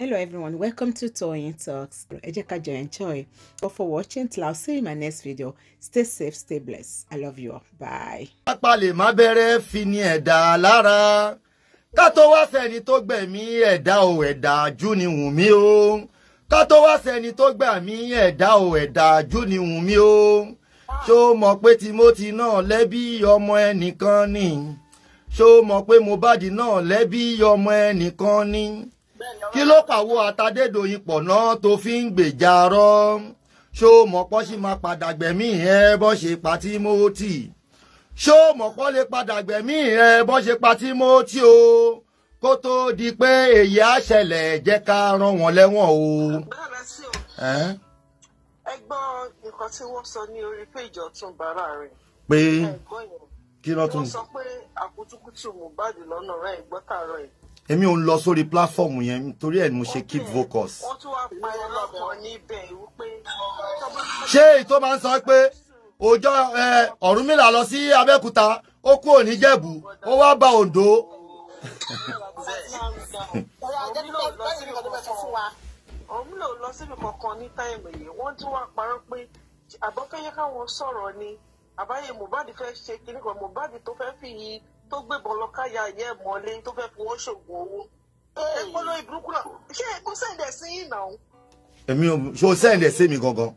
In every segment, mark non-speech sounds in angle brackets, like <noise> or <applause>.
Hello everyone, welcome to Toyeen Talks. Ẹ jẹ́ ká enjoy. But for watching till I'll see you in my next video. Stay safe, stay blessed. I love you all. Bye. Apalè má bẹ̀rẹ̀ fi ni ẹ̀dá lára. Ká tó wá sẹ́ni tó o ẹ̀dá jú ni o. Ká tó wá sẹ́ni tó gbẹ̀mí o ẹ̀dá jú ni wùn mí o. Ṣó mọ̀ pé Timothy náà lẹ́bí ọmọ ẹnìkan ni? Ṣó mọ̀ pé Mohbad náà lẹ́bí ọmọ ẹnìkan ni? kí ló pàwọ́ àtàdédòyìn pọ̀ náà tó fi ń gbèjà rọ́ ṣó mọ̀pọ́ sì máa padà gbẹ̀mí ẹ bọ́ ṣe pa ti ṣó mọ̀pọ́ lè padà gbẹ̀mí ẹ bọ́ ṣe pa Timothy o kó tó di pé èyí á ṣẹlẹ̀ jẹ́ ká rán wọn lẹ́wọ̀n o. ẹ nǹkan tí wọ́n sọ ní orí péjọ tún bàrà rẹ̀. pé kí ló tún. wọ́n sọ pé àkútúkútù Mohbad lọ́nà rẹ̀ gbọ́tàrọ̀ yìí èmi ò ń lọ sórí platform yẹn nítorí ẹ̀ mo ṣe keep focus. ṣé ètò máa ń sọ pé ọjọ́ Ọ̀rúnmìlà lọ sí Abẹ́òkúta ó kú òní Jẹ̀bú ó wá bá Oǹdó. Ọ̀rúnmìlà ò lọ síbi kankan ní táìmù yìí wọ́n tún wá parọ́ pé àbọ̀kẹ́yẹ káwọn sọ̀rọ̀ ni àbáyé Mohbad fẹ́ ṣe kíní kan Mohbad tó fẹ́ fi yí tó gbébọn lọ káyà ìyá ẹ̀ mọ́lé tó fẹ́ fowó ṣògùn owó ẹ kọ́ lórí burúkú náà ṣé kò sẹ́ǹdẹ̀ sí yìí náà. èmi ò ṣó sẹ́ǹdẹ̀ sí mi gangan.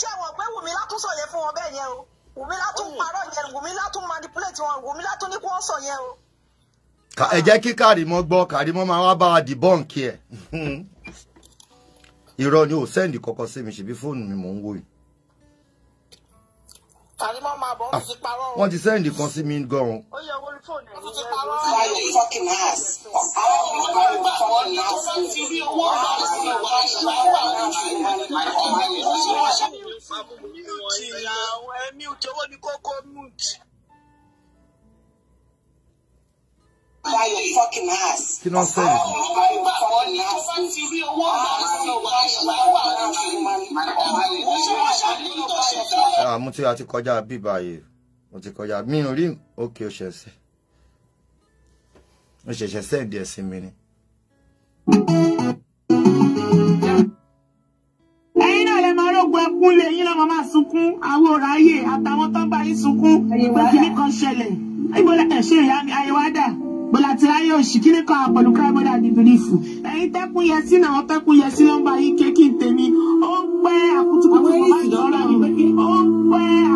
ṣé àwọn ọ̀gbẹ́ Wùmí látún sọ yẹn fún wọn bẹ́ẹ̀ yẹn o Wùmí látún oh. parọ́ yẹn Wùmí látún manipulate wọn Wùmí látún ní kí wọ́n sọ yẹn o. ẹ jẹ́ kí Kàrímọ́ gbọ́ Kàrímọ́ máa wá bá wa dìbọ́ǹkì ẹ̀ <laughs> irọ́ ni ò sẹ́ǹdì kankan sí mi ṣèbí fóònù mi mò ń wò yìí. Karimo máa bọ̀, wọ́n ti parọ́. Wọ́n sí mi gan-an. Ó you fucking ass? Àwọn ọmọ tó ń ní tó bá buy fucking house. kí ló ń sọ̀rọ̀. àwọn ọmọ ìgbàgbọ́ ní tó ah, bá ti rí owó àmàlà sí ọwọ́ àṣìwáwà ọ̀hún. mo ti àti kọjá bí báyìí mo ti kọjá mi ò rí òkè òṣèṣẹ òṣèṣẹ sẹẹdì ẹsìn mi ni. sunkún àwọn ọ̀rọ̀ ayé àtàwọn tó ń bá yín sunkún pé kìnnìkan ṣẹlẹ̀ òsì kí lè kọ́ àpọ̀lù káàmọ́dà ní bìlífù ẹ̀yin tẹ́kùn yẹ sí náà tẹ́kùn yẹ sí nọ́mbà yìí kékin tèmi ó pẹ́ àkútúkú tó bá ìjọra mi ó pẹ́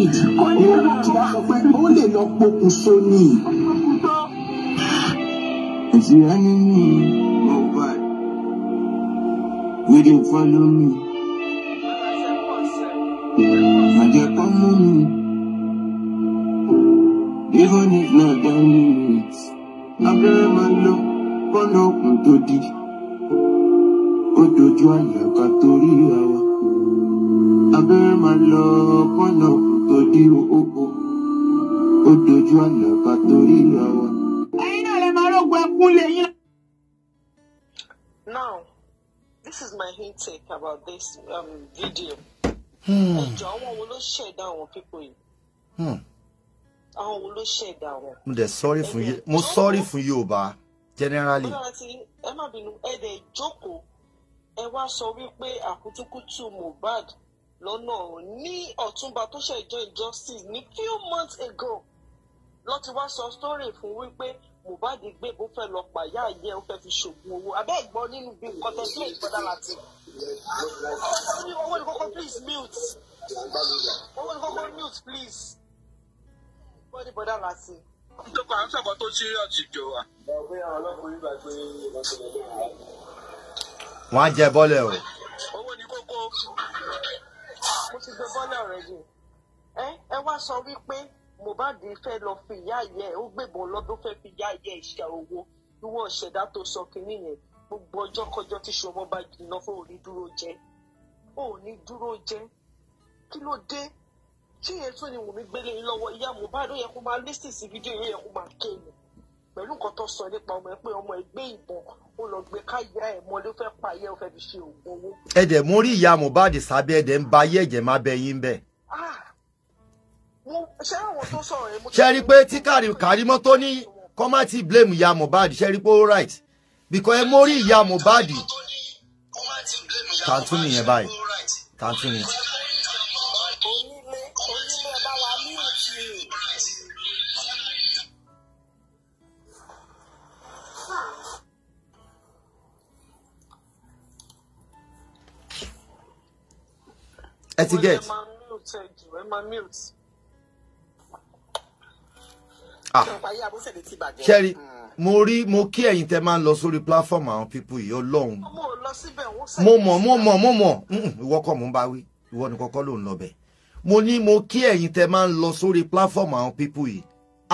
méjèèjì. olóògùn tí a sọ pé ó lè lọ pokùnso ni. èsì rání mi ò bá we dey follow me. àjẹ kan mú mi. even if na down limit abẹ́rẹ́ máa lọ kọ́nà òkun tó di ó dojú àyàká torí àwa abẹ́rẹ́ máa lọ kọ́nà òkun tó dírun oko ó dojú àná ká tó ríra wa. ẹ̀yin náà lè máa rògbò ẹkún lẹ́yìn. now this is my intake about this um, video. Hmm. ẹjọ́ àwọn wo ló ṣẹ̀dá àwọn pípọ̀ yìí. Hmm. àwọn wo ló ṣẹ̀dá wọn. mo dẹ̀ sọ́rí fún yé mo sọ́rí fún Yorùbá generally. ẹ má bínú ẹ dẹ̀ jókòó ẹ wá sọ wípé àkútúkútù Mohbad lọ́nà ní ọ̀túnba tó ṣe ìjọ justice ní few months ago ló ti wá sọ story fún wípé Mohbad gbé bó fẹ́ lọ pàyà yẹ ó fẹ́ fi ṣògùn owó abẹ́ ìgbọ́ nínú bí nǹkan tó sílẹ̀ ìfọ́dà láti. owó ní kókó please mute owó ní kókó mute please. ìgbọ́ ní bọ́dà láti. ìjọba àwọn sọ̀kọ̀ tó ṣe ọ̀tì jọ wa. ọ̀gbìn àwọn ọlọ́kùnrin gbàgbé ìbáṣepọ̀ lọ́wọ́. wọ́n á jẹ bọ́ọ̀lù ẹ̀ o. owó ní kókó mo ti gbé bọ́lá rẹ̀ yìí ẹ ẹ wá sọ wípé Mohbad fẹ́ lọ fi ìyá ìyá ẹ̀ ó gbébọn lọ́dún fẹ́ fi ìyá ìyá ẹ̀ owó ìwọ ìṣẹ̀dá tó sọ kínní yẹn gbogbo ọjọ́ kọjọ́ tí ṣọmọ bá jìnnà fún òní dúró jẹ́ òní dúró jẹ́ kí ló dé tí èyí tún ni Wùnmí gbélé lọ́wọ́ ìyá Mohbad ó yẹ kó máa lísìn sí fídíò ó yẹ kó máa ké pẹ̀lú nǹkan tó sọ nípa ọmọ ẹ pé ọmọ ẹ gbé ìbọn ó lọ gbé káyà ẹ mọ ló fẹ́ pa ayé ó fẹ́ fi ṣe oògùn owó. ẹ dẹ̀ mú rí ìyá Mohbad sábẹ́ ẹ dẹ̀ ń ba ayé ẹ̀jẹ̀ má bẹ yín bẹ́ẹ̀. Ah! ṣé àwọn tó sọ̀rọ̀ yẹn. ṣe rí i pé tí Kàrímọ́ tó ní kọ́ má ti blame ìyá Mohbad ṣe rí i pé ó right because ẹ mú rí ìyá Mohbad tàǹtún nìyẹn báyìí tàǹtún nìyẹn. ẹ ti get. Ah. ṣẹ́rí hmm. mo rí mo kí ẹ̀yin tẹ́ máa ń lọ sórí platform àwọn pípù yìí ọlọ́run mo mọ̀ mo mọ̀ mo mọ̀ ìwọ kọ́ mo ń bá wí ìwọ ni kọ́kọ́ ló ń lọ bẹ̀ mo ní mo kí ẹ̀yin tẹ́ máa ń lọ sórí platform àwọn pípù yìí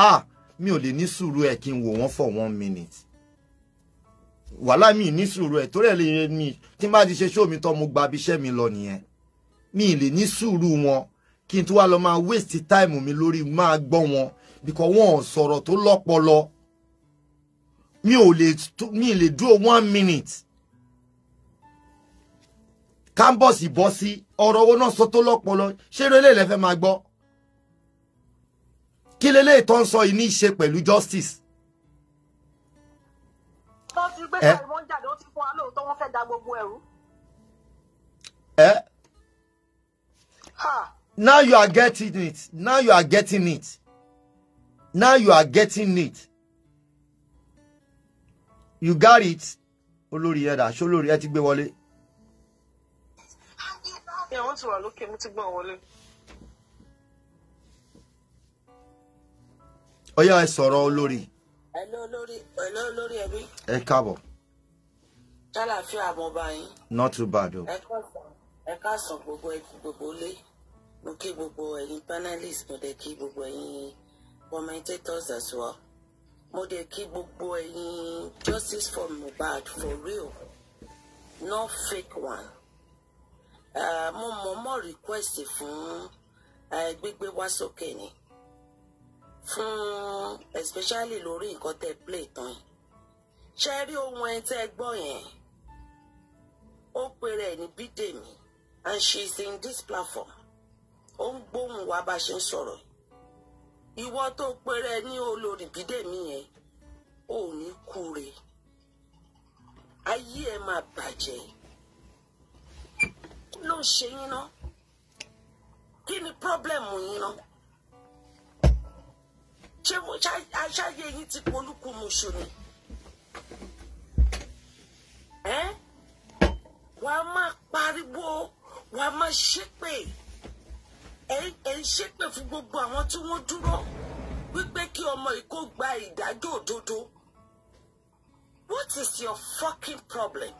ah mi ò lè ní sùúrù ẹ̀ kí n wò wọ́n for one minute wàhálà mi ní sùúrù ẹ̀ torí ẹ̀ lè mi tí n bá ti ṣe show mi tán mo gba abiṣẹ́ mi lọ nìyẹn mi lè ní sùúrù wọn kí n tó wá lọ waste time mi lórí máa gbọ́ wọn because wọn ò sọ̀rọ̀ tó mi ò lè mi lè dúró one minute kámbọ̀sì bọ́ bossi ọ̀rọ̀ owó náà sọ tó lọ́pọlọ ṣé eré lè fẹ́ máa gbọ́ kí leléyìí tó ń sọ yìí ní í justice. wọ́n Now you are getting it. Now you are getting it. Now you are getting it. You got it. Olori. ẹ̀dá ṣé olórí ẹ ti gbé wọlé. Ìyàwó ti wà lókè mo ti gbọ́n wọlé. Ọyá ẹ sọ̀rọ̀ olórí. Hello olórí hello olórí ẹbí. Ẹ káàbọ̀. Ṣálàfíà àmọ̀bá yín. Not too bad o. Ẹ kọ́ káàsán gbogbo ẹkú gbogbo lé mo kí gbogbo ẹ̀yin panelists mo dẹ̀ kí gbogbo ẹ̀yin commentators as well mo dẹ̀ kí gbogbo ẹ̀yin justice for Mohbad for real no fake one uh, mo mọ̀ọ́mọ̀ request fún uh, gbígbé wá sókè ni fún especially lórí nǹkan tẹ́ play tán yìí ṣe rí ohun ẹ tẹ́ gbọ́ yẹn ó pèrè ní Bídèmí and she's in this platform ó ń gbóhùn wa bá a ṣe ń sọ̀rọ̀ ìwọ tó péré ní olórin bídèmí yẹn ò ní kúre ayé ẹ máa bàjẹ́ kí ló ń ṣe yín ná kí ni pírọ́blẹ̀mù yín ná ṣé aṣáájú yín ti polúkú muṣu ni wàá máa pariwo wọ́n máa ṣépè ẹ ń ṣépè fún gbogbo àwọn tí wọ́n dúró wípé kí ọmọ yìí gba ìdájọ́ òdodo what is your fucking problem?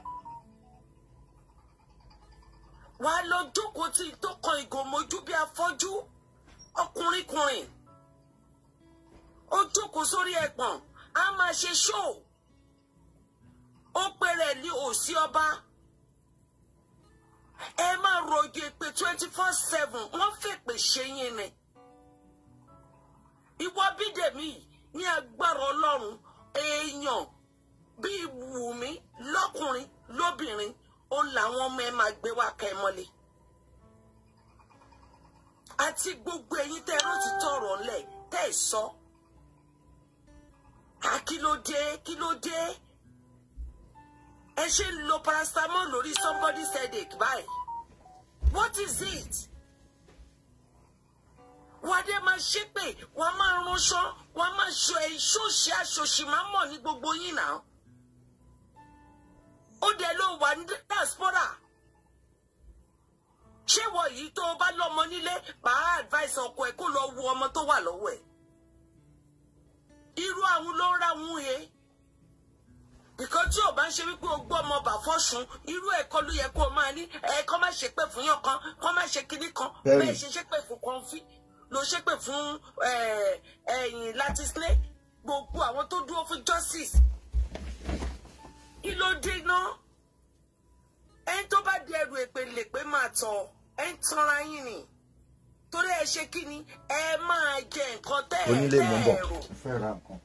wà á lọ jókòó tí tó kan ìgò mojú bí afọ́jú ọkùnrin kùnrin ó jókòó sórí ẹ̀pọ̀n á máa ṣe ṣóò ó pẹ̀rẹ̀ ní òsì ọba ẹ máa ròyìn èpè twenty four seven wọ́n fèpè ṣe yín ni ìwọ Bídèmí ní agbára Ọlọ́run èèyàn bíi Wùmí lọ́kùnrin lóbìnrin ó làwọn ọmọ ẹ máa gbé wá ká ẹ mọ́lé àti gbogbo ẹ̀yin tẹ́ ẹrọ ti tọrọ ńlẹ̀ tẹ́ ẹ sọ àkìlódé kìlódé ẹ ṣe ń lo paracetamol lórí somebody's headache báyìí what is it wàá dé máa ṣépè wàá máa ránṣọ wàá máa ṣọ ẹyin ṣòṣì aṣòṣì máa mọ̀ ní gbogbo yín náà ó dẹ̀ ló wà ní diaspora ṣé wọ yìí tó o bá lọ́mọ nílé màá advice ọkọ ẹ kó lọ wo ọmọ tó wà lọ́wọ́ ẹ irú àwọn ló ń ra wọn he because tí o bá ń ṣe wípé o gbọ́ ọmọ bàfọ́sùn irú ẹ̀kọ́ ló yẹ kó o máa ní ẹ̀kọ́ má ṣe pé fún yàn kan kọ́ má ṣe kinní kan bẹ́ẹ̀ ṣe ṣe pé fún kọ́ńfì ló ṣe pé fún ẹ̀yìn láti sílé gbogbo àwọn tó dúró fún justice kí ló dé náà ẹni tó bá di ẹrù èpè lèpè máa tọ̀ ẹ̀ ń tanra yín ni torí ẹ ṣe kí ni ẹ máa jẹ nǹkan tẹ́ ẹ rò. onílé mọ̀ fẹ́ ra nǹkan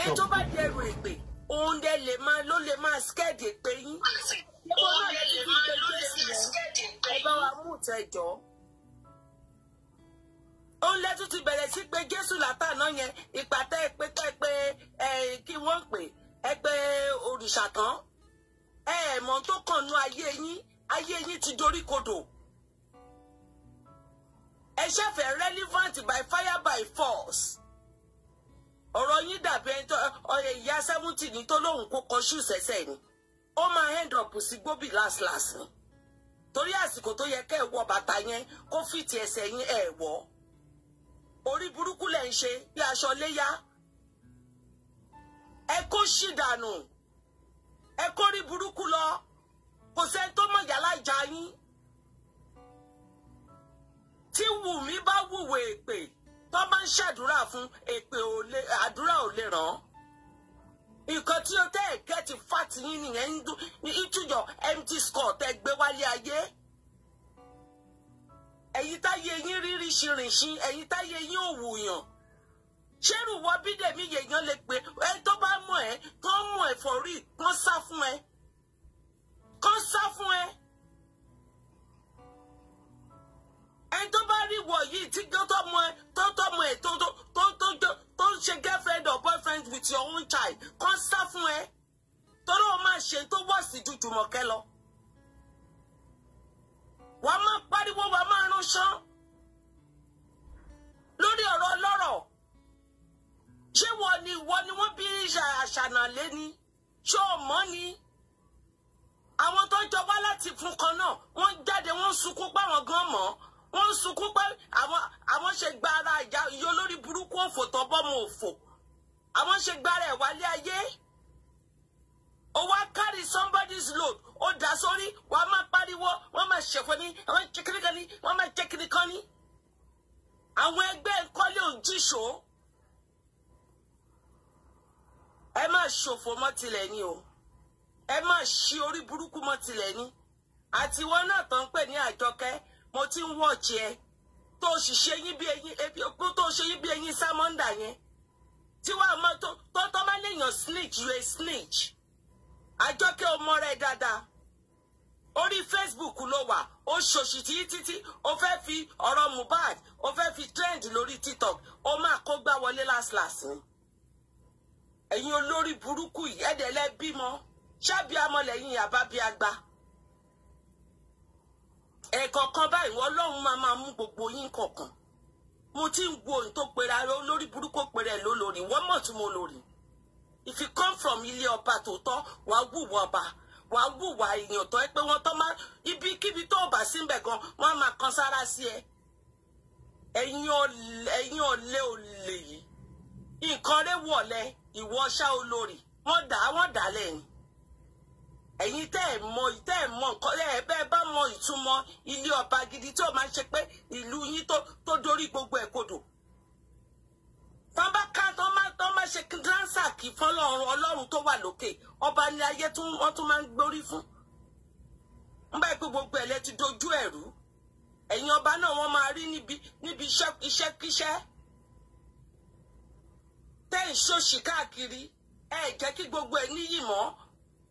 ẹ tó bá di ẹrù èpè òun dẹ lè máa ló lè máa skẹ́ẹ̀dì èpè yín ìwọ náà lè ti fi gbé jésì yẹn ẹ bá wa mú ìtẹ́jọ́ òun lẹ́tún ti bẹ̀rẹ̀ sí pé jésù látàná yẹn ìpàtẹ́ pé pé pé kí wọ́n pè ẹ pé òrìṣà tán ẹ mọ̀ tó kàn nú ayé yín ayé yín ti dorí kodò ẹ ṣẹ̀fẹ̀ relevant by fire by force ọ̀rọ̀ yín dàbí ẹni tó ọ̀rẹ́ ìyá sẹ́mùtì ní tó lóun kó kọ ṣú sẹ́sẹ́ ni ó máa end up sí gbóbì last last ni torí àsìkò tó yẹ kẹ́ ẹ̀ wọ bàtà yẹn kó fìtì ẹsẹ̀ yín ẹ̀ wọ̀ orí burúkú lẹ̀ ń ṣe bí aṣọ léyà ẹ kó ṣì dànù ẹ kó rí burúkú lọ kò sẹ́ni tó mọ̀ yàrá ìjà yín tí wùmí bá wùwẹ̀ pè tó bá ń ṣàdúrà fún èpè àdúrà ò lè ràn án nǹkan tí o tẹ́ ẹ̀ gẹ́tì fáti yín nìyẹn ń ìtújọ empty score tẹ́ gbé wálé ayé ẹ̀yin táyé yín rírí ṣìrìnṣìn ẹ̀yin táyé yín ò wùyàn ṣẹ́rù wọ bídèmí yèèyàn lè pè ẹ tó bá mọ̀ ẹ́ kán mọ̀ ẹ̀fọ́rí kán sá fún ẹ kán sá fún ẹ. ẹni tó bá rí wọ yìí tí tọ́mọ ẹ tọ́tọ́mọ ẹ tó tó tó tó tó ń ṣe girlfriend or boyfriend with your own child kan sá fún ẹ torí o máa ṣe tó wọ̀ sí ju Jùmọ̀kẹ́ lọ. wà á máa pariwo wà á máa ránṣán lórí ọ̀rọ̀ ọlọ́rọ̀ ṣé wọ́n ni wọ́n ni wọ́n bí àṣànà lé ni ṣé ọmọ ni àwọn tó ń jọ wá láti fún kan náà wọ́n jáde wọ́n sunkún páwọn gan mọ́ ó ń sunkún pé àwọn àwọn ṣe gba ara ìyá iye olórí burúkú òfò tó bọ́mọ òfò àwọn ṣe gba ara ẹ̀ ayé ó wá carry somebody's load O dà sórí wàá máa pariwo wọ́n máa ṣẹ̀fọ́ ní wọ́n máa jẹ́ kíríkan ní wọ́n máa jẹ́ kíríkan ní àwọn ẹgbẹ́ ìkọ́lé òjíṣò ẹ má ṣòfò mọ́ tilẹ̀ ni o ẹ má ṣí orí burúkú mọ́ tilẹ̀ ni àtiwọn náà tó ń pè ní àjọkẹ́ mo ti ń wọ̀ọ̀kì ẹ tó o sì ṣe yín bí eyín ebi eh, okun tó o ṣe yín bí eyín sámọ́ndà yẹn tí wàá mọ tó tó tó má léèyàn snitch you a snitch àjọkẹ́ o mọ́ra ẹ dáadáa orí Facebook ló wà ó ṣòṣì tí títí ó fẹ́ fi ọ̀rọ̀ Mohbad ó fẹ́ fi trend lórí TikTok ó máa kó gbá wọlé last ni ẹ̀yin olórí burúkú yìí ẹ̀dẹ̀lẹ́ bímọ ṣábíàmọ́ lẹ́yìn àbábíàgbà ẹ̀kọ̀ọ̀kan báyìí wọ́n lọ́hùn máa máa mú gbogbo yín kọ̀ọ̀kan mo ti ń wo ohun tó pera rẹ olórí burúkú pera ẹ lólórí wọ́n mọ̀ tí mo lórí if you come from ilé ọba tòótọ́ wàá wùwọ́ ọba wàá wùwà èèyàn tó ẹ pé wọ́n tọ́ máa ibikíbi tó ọba síbẹ̀ gan wọ́n á máa kan sára sí ẹ ẹ̀yin ọ̀lẹ òlè yìí nǹkan rẹ̀ wọ̀lẹ̀ ìwọ ṣá olórí wọ́n dà wọ́n dà lẹ́yìn ẹ̀yin tẹ́ ẹ̀ mọ tẹ́ ẹ̀ mọ nǹkan ẹ̀ bẹ́ẹ̀ bá mọ ìtumọ̀ ilé ọba gidi tí ó máa ń ṣe pé ìlú yín tó tó dorí gbogbo ẹ̀ kodò. tán bá ká tán máa tán máa ṣe dáńsàkì fọlọ́run ọlọ́run tó wà lókè ọba ní ayé tí wọ́n tún máa ń gbórí fún. ń bá ìpè gbogbo ẹ̀ lẹ ti dojú ẹ̀ rú ọba náà wọ́n máa rí níbi níbi iṣẹ́kíṣẹ́ tẹ́ ìṣòṣì káàkiri ẹ̀ jẹ́ kí gbogbo ẹ̀ níyì mọ́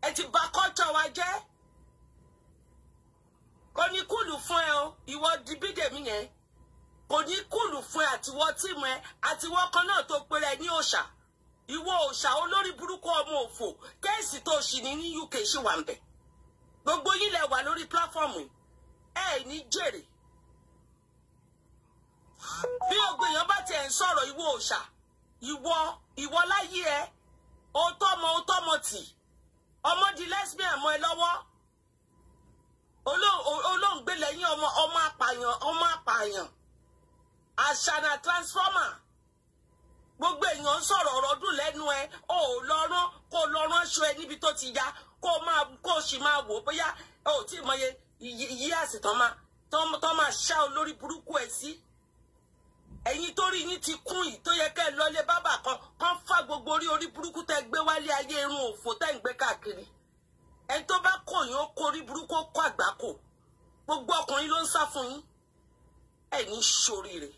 ẹ ti bà culture wa jẹ́ kò ní kúlù fún ẹ o ìwọ di bídèmí yẹn kò ní kúlù fún ẹ àtiwọ tìmù ẹ àtiwọ kan náà tó péré ní òòṣà ìwọ òòṣà olórí burúkú ọmọ òfò kéèsì tó ṣì ní ní UK ṣì wà ń bẹ gbogbo yín wà lórí pílàfọ́ọ̀mù ẹ ní jèrè bí ògbè èèyàn bá tiẹ̀ ń sọ̀rọ̀ ìwọ òòṣà ìwọ ìwọ láyé ẹ òótọ́mọ òótọ́mọ tì ọmọ di lesbian mọ́ ẹ lọ́wọ́ olóńgbé lẹ́yìn ọmọ ọmọ apààyàn ọmọ apààyàn àṣàna transformer gbogbo èèyàn ń sọ̀rọ̀ ọ̀rọ̀ dùn lẹ́nu ẹ ò lọ́rán kó lọ́rán aṣọ ẹ níbi tó ti ya kó máa kó o sì máa wò ó bóyá ò tí ì mọye yí àsìtàn máa tọ́ máa ṣá olórí burúkú ẹ sí. Si ẹ̀yin tó rí yín ti kún yìí tó yẹ kẹ́ ẹ lọlé bábà kan kán fà gbogbo orí orí burúkú tẹ́ gbé wálé ayé irun òfò tẹ́ ń gbé káàkiri ẹni tó bá kò yín ó kó orí burúkú ó kó àgbákò gbogbo ọkùnrin ló ń sá fún yín ẹ̀yin ṣoríire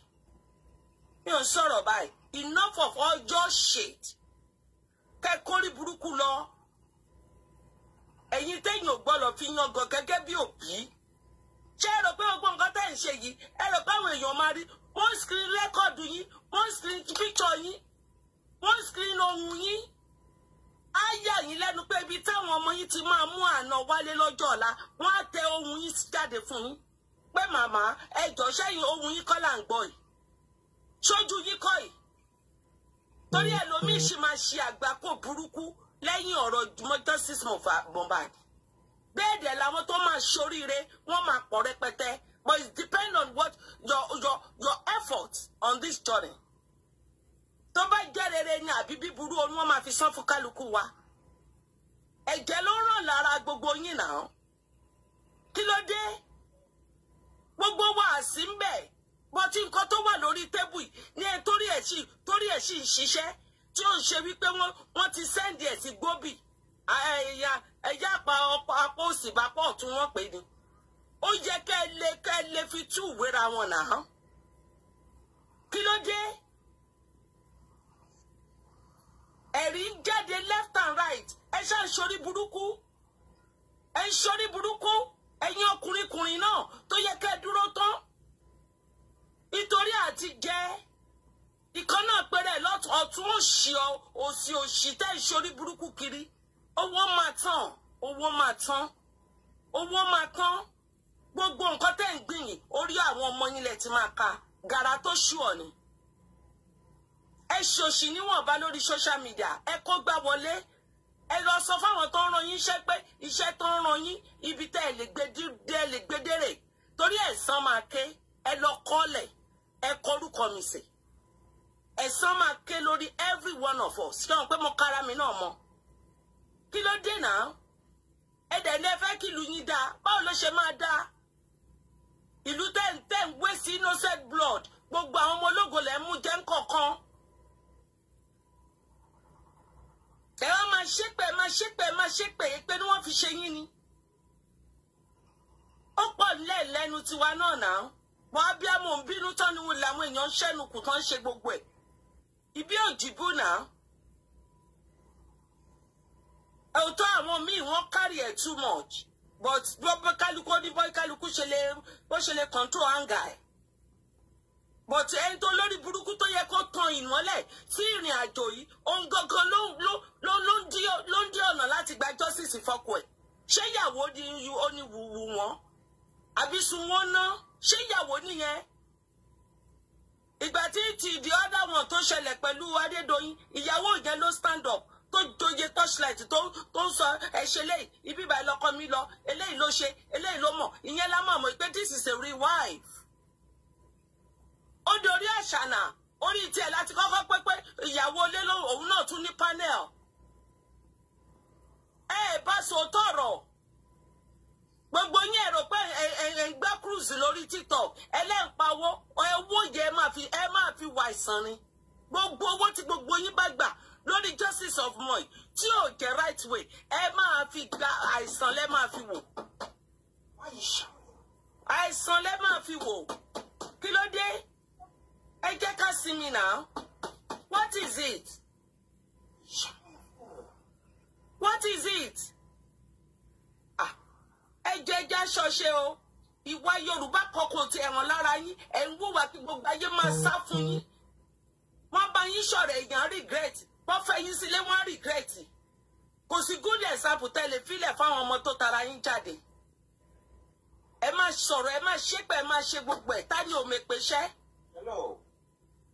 mi ò sọ̀rọ̀ báyìí enough of all your shit kẹ́kọ́rí burúkú lọ ẹ̀yin tẹ́yìn ò gbọ́dọ̀ fi yan gan gẹ́gẹ́ bí òbí ṣé ẹ rò pé gbogbo nǹkan tẹ́ ń ṣe yìí ẹ rò pé àwọn èèyàn máa rí wọ́n screen rẹ́kọ̀dù yín wọ́n screen píkọ̀ yín wọ́n screen ohun yín á yà yín lẹ́nu pé ibi táwọn ọmọ yín ti máa mú àná wálé lọ́jọ́ ọ̀la wọ́n á tẹ ohun yín jáde fún yín pé màmá ẹ jọ̀ọ́ sẹ́yìn ohun yín kọ́ là ń gbọ́ yìí ṣojú yín kọ́ yìí torí ẹlòmíín sì máa ṣe àgbákò burúkú lẹ́yìn ọ̀rọ̀ justice Mohbad bẹ́ẹ̀ dẹ̀ làwọn tó máa ṣoríire wọ́n máa pọ̀ rẹpẹtẹ But it depends on what your your your effort on this journey. Tó bá jẹ́ rere ni àbí bíburú orí wọn máa fi san fún kálukú wa. Ẹ̀jẹ̀ ló ràn lára gbogbo yín náà. Kí ló dé? Gbogbo wa àsí ń bẹ̀. Bọ́tí nǹkan tó wà lórí tébù yìí ní ẹ torí ẹ̀ sì torí ẹ̀ sì ń ṣiṣẹ́ tí ó ń ṣe wípé wọ́n ti sẹ́ǹdì ẹ̀ sí Góbì. Ẹ̀yà ẹ̀yà apá ọkọ̀ apá òsì bá pọ̀ tún wọ́n pè ní ó yẹ kẹ́ ẹ lè kẹ́ ẹ lè fi tú ìwéra wọn nà kí ló dé ẹ̀rí ń jáde left and right ẹ ṣáà ń ṣorí burúkú ẹ ń ṣorí burúkú ẹ̀yin ọkùnrinkùnrin náà tó yẹ kẹ́ ẹ dúró tán nítorí àti jẹ́ ìkan náà péré lọ́tún ọ̀tún òṣì òsì òṣì tẹ́ burúkú kiri owó máa tán owó máa tán owó máa tán gbogbo nǹkan tẹ́ ń gbìn yìí orí àwọn ọmọ yín lẹ ti máa ka gàrà tó ṣù ọ̀ ni. ẹ ṣòṣì níwọ̀nba lórí social media ẹ kó gbá wọlé ẹ lọ sọ fáwọn tó ń ran yín iṣẹ́ pé iṣẹ́ tó ń ran yín ibi tẹ́ ẹ lè gbé lè gbédèrè torí ẹ̀san máa ké ẹ lọ kọ́lẹ̀ ẹ kọrúkọ mi sè ẹ̀san máa ké lórí every one of us ṣé wọn pé mo kára mi náà mọ kí ló dé náà ẹ dẹ̀ ní ẹ fẹ́ kí ìlú yín dáa báwo ló ṣe máa dáa ìlú tẹ́ ń tẹ́ ń wé sí innocent blood gbogbo àwọn ọmọ ológo lẹ́ ń mú jẹ́ ń kọ̀ọ̀kan. ẹ wá máa ṣépè máa ṣépè máa ṣépè pé ni wọ́n fi ṣe yín ni. ó pọ̀ nílẹ̀ lẹ́nu tiwa náà náà wọn á bí àmọ́ ń bínú tán ni wọn làwọn èèyàn ń ṣẹ́nu kù tán ń ṣe gbogbo ẹ̀. ìbí òjìbú náà ẹ̀wùtọ́ àwọn míì wọ́n carry ẹ̀ too much but bó kálukú ní bó kálukú ṣe lè bó ṣe lè control anger ẹ̀ but ẹni tó lórí burúkú tó yẹ kó tan ìmọ́lẹ̀ sí ìrìn àjò yìí òun gangan ló ló ń dí ọ̀nà láti gba justice fọ́kù ẹ̀ ṣé ìyàwó ni ó ní wùwù wọn àbí sun wọn ná ṣé ìyàwó nìyẹn ìgbà tí ti di ọ́dà wọn tó ṣẹlẹ̀ pẹ̀lú Adédoyin ìyàwó yẹn ló stand up tó joyè torchlight tó tó ń sọ ẹ ṣe eléyìí ibi ìbá ẹlọkọ mi lọ eléyìí ló ṣe eléyìí ló mọ̀ ìyẹn la mọ̀ mọ̀ pé this is a real wife. ó dorí àṣànà orí tiẹ̀ láti kọ́kọ́ pé pé ìyàwó ilé òun náà tún ní panel. ẹ ẹ bá so tọrọ gbogbo yín ẹ rò pé ẹ ń gbá cruise lórí tiktok ẹlẹ́ǹpawó ẹ wóye ẹ máa fi wà ìsàn ni gbogbo owó tí gbogbo yín bá gbà lórí justice of moi tí ò jẹ́ right way ẹ máa fi gba àìsàn lẹ́ máa fi wò àìsàn lẹ́ máa fi wò kí ló dé ẹ jẹ́ ká sinmi náà what is it what is it ah, ẹ jẹ́ ẹja ṣọṣẹ́ o ìwà Yorùbá kọkàn ti ẹ̀wọ̀n lára yín ẹ̀ ń wò wá kí gbogbo ayé máa sá fún yín wọ́n bá yín sọ̀rọ̀ èèyàn regret wọ́n fẹ́ yín sílé wọ́n regret kò sí good example tẹ́lẹ̀ fílẹ̀ fáwọn ọmọ tó tara yín jáde ẹ má sọ̀rọ̀ ẹ má ṣépè ẹ má ṣe gbogbo ẹ̀ ta ni ò mè péṣẹ́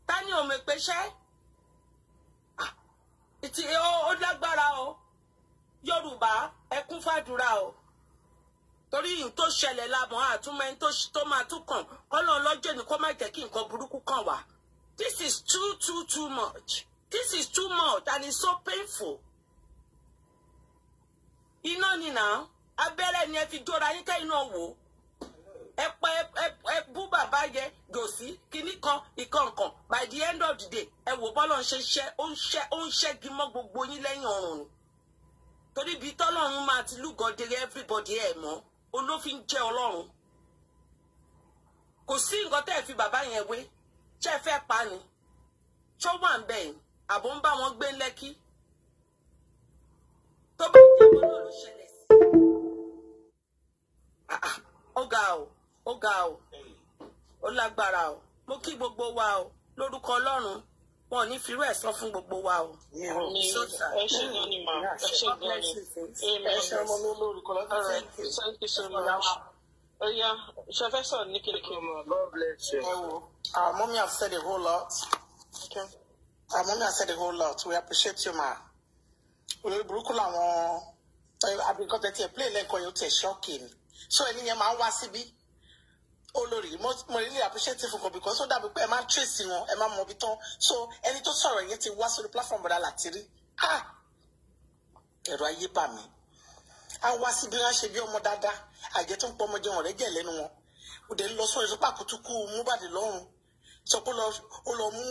ta ni ò ah, ìtì ó lágbára o Yorùbá ẹ kún fàdúrà o torí ìyìn tó ṣẹlẹ̀ lamọ̀ àtúmẹ́ni tó máa tún kàn kọ́lọ́ ọlọ́jọ́ ni kó má jẹ́ kí nǹkan burúkú kàn wá this is too too too much. This is too much and it's so painful. Iná ni nà abẹ́rẹ́ ni ẹ fi jóra yín kẹ́ iná wò. Ẹ pa ẹ bú bàbá yẹ gòsí kíní kan ìkọ̀ǹkọ̀ by the end of the day ẹ wò bọ́lọ̀ ń ṣe ṣẹ́ ó ń ṣẹ́ ó ń ṣẹ́gi mọ́ gbogbo yín lẹ́yìn ọ̀run ni. Torí ibi tọ́lọ́run máa ti lúgọ̀dẹ̀rẹ̀ everybody ẹ̀ mọ́ olófin jẹ́ ọlọ́run. Kò sí nǹkan tẹ́ ẹ fi bàbá yẹn wé ṣé ẹ fẹ́ pa ni ṣó wà ń bẹ̀ àbò ń bá wọn gbé lẹ́kí tó bá jẹ́ wọn náà ló ṣẹlẹ̀ sí. Ah, ah, ó ga o ó ga o ó lágbára o mo kí gbogbo wa o lórúkọ ọlọ́run wọn ò ní firú ẹ̀ sọ fún gbogbo wa o. ẹ ṣe gan ni ma ẹ ṣe gan ni ẹ ṣe ọmọ mi lórúkọ lọ́tàrà thank you so much. Oya, God bless you. I Uh, mommy, I've said a whole lot. Okay has said a whole lot. We appreciate you, ma. Olórí burúkú làwọn abirikọ́ eh, tẹ̀ tiẹ̀ play lẹ́kọ̀ọ́ yóò tẹ̀ shocking. So any yẹn máa ń wá síbí. Olórí mo really appreciate fún kan because so that pé ẹ máa ń tracy mobito. So any to ibi yet So was on the yẹn ti wá sórí platform bọ̀dá láti rí. Ẹ̀rọ ayé bà mí. A wá síbí wọn ṣe bí dada. I get on ń or ọmọdé wọn rẹ̀ jẹ̀ lẹ́nu wọn. Òde ń lọ sọ ìsopàkùtù kú Mohbad sọ pé ó lọ mú